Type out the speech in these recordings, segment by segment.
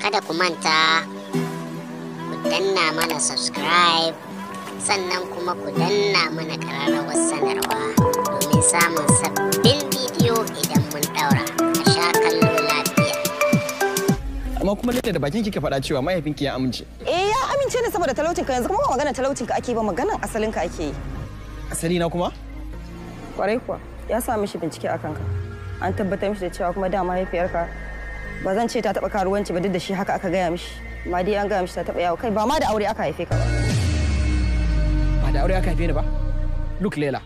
kada ku manta ku danna mana subscribe sannan kuma ku danna mana ƙararrawar sanarwa domin samun sabbin bidiyo idan mun daura a sha lafiya amma kuma lalle da bakin kika faɗa cewa mahaifinki ya amince eh ya amince ne saboda talaucinka yanzu kuma ba maganar talaucinka ake ba maganar asalinka ake yi asali na kuma kwarai kuwa ya sa mishi bincike a kanka. an tabbatar mishi da cewa kuma da mahaifiyarka ba zan ce ta taɓa karuwanci ba duk da shi haka aka gaya mishi ma dai an gaya mishi ta taɓa yawo kai ba ma da aure aka haife ka ba ba da aure aka haife ni ba look lela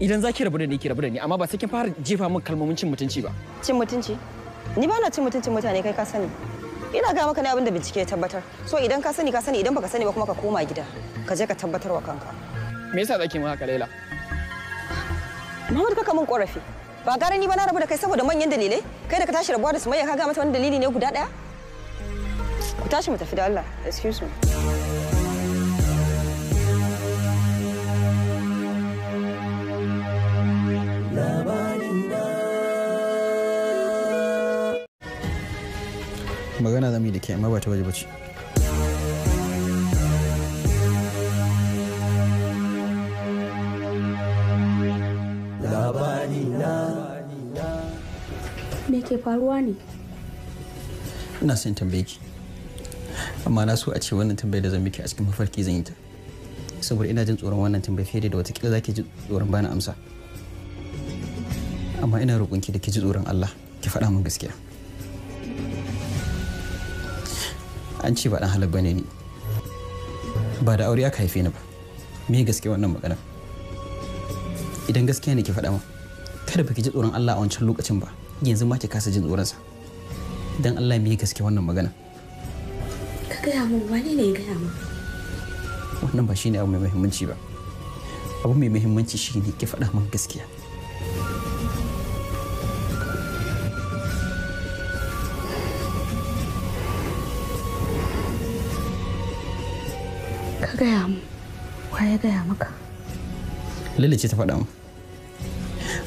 idan za ki rabu da ni ki rabu da ni amma ba sai kin fara jefa min kalmomin cin mutunci ba cin mutunci ni ba na cin mutuncin mutane kai ka sani ina ga maka ne abin da bincike ya tabbatar so idan ka sani ka sani idan baka sani ba kuma ka koma gida ka je ka tabbatar wa kanka me yasa zaki mun haka lela Muhammad kaka mun korafi ba gara ni ba na rabu da kai saboda manyan dalilai kai da ka tashi rabuwa da sumayya ka ga mata wani dalili ne guda daya ku tashi mu tafi da Allah excuse me magana zami da ke amma ba ta waje ba ce me ke faruwa ne ina son tambaye ki amma na so a ce wannan tambayar da zan miki a cikin mafarki zan yi ta saboda ina jin tsoron wannan tambayar fiye da watakila za ki ji tsoron bani amsa amma ina ki da ki ji tsoron Allah ki faɗa min gaskiya an ce ba ɗan halar bane ni ba da aure aka haife ni ba me gaske wannan magana idan gaskiya ne ki faɗa min kada ba ki ji tsoron Allah a wancan lokacin ba yanzu ma ki kasa jin tsoronsa dan Allah mai gaske wannan magana ka gaya mun wani ne ya gaya mun wannan ba shine abu mai muhimmanci ba abu mai muhimmanci shine ki faɗa min gaskiya ka gaya mu wa ya gaya maka lalace ta faɗa mu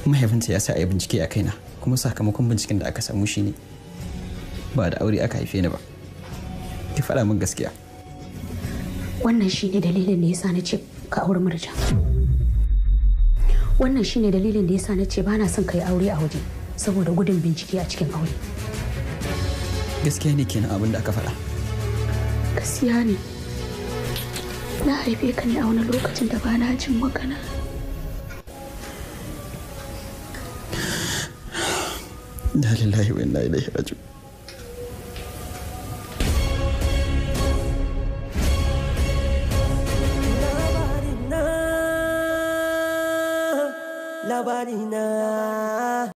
mahaifinta ya sa a yi bincike a kaina kuma sakamakon binciken da aka samu shi ne ba da aure aka haife ni ba ki faɗa min gaskiya wannan shi ne dalilin da ya sa na ce ka aure murja wannan shi ne dalilin da ya sa na ce ba na son ka yi aure a waje saboda gudun bincike a cikin aure gaskiya ne kenan abin da aka faɗa gaskiya ne na haife ka ne a wani lokacin da ba na jin magana إنا لله وإنا إليه راجعون لا بارينا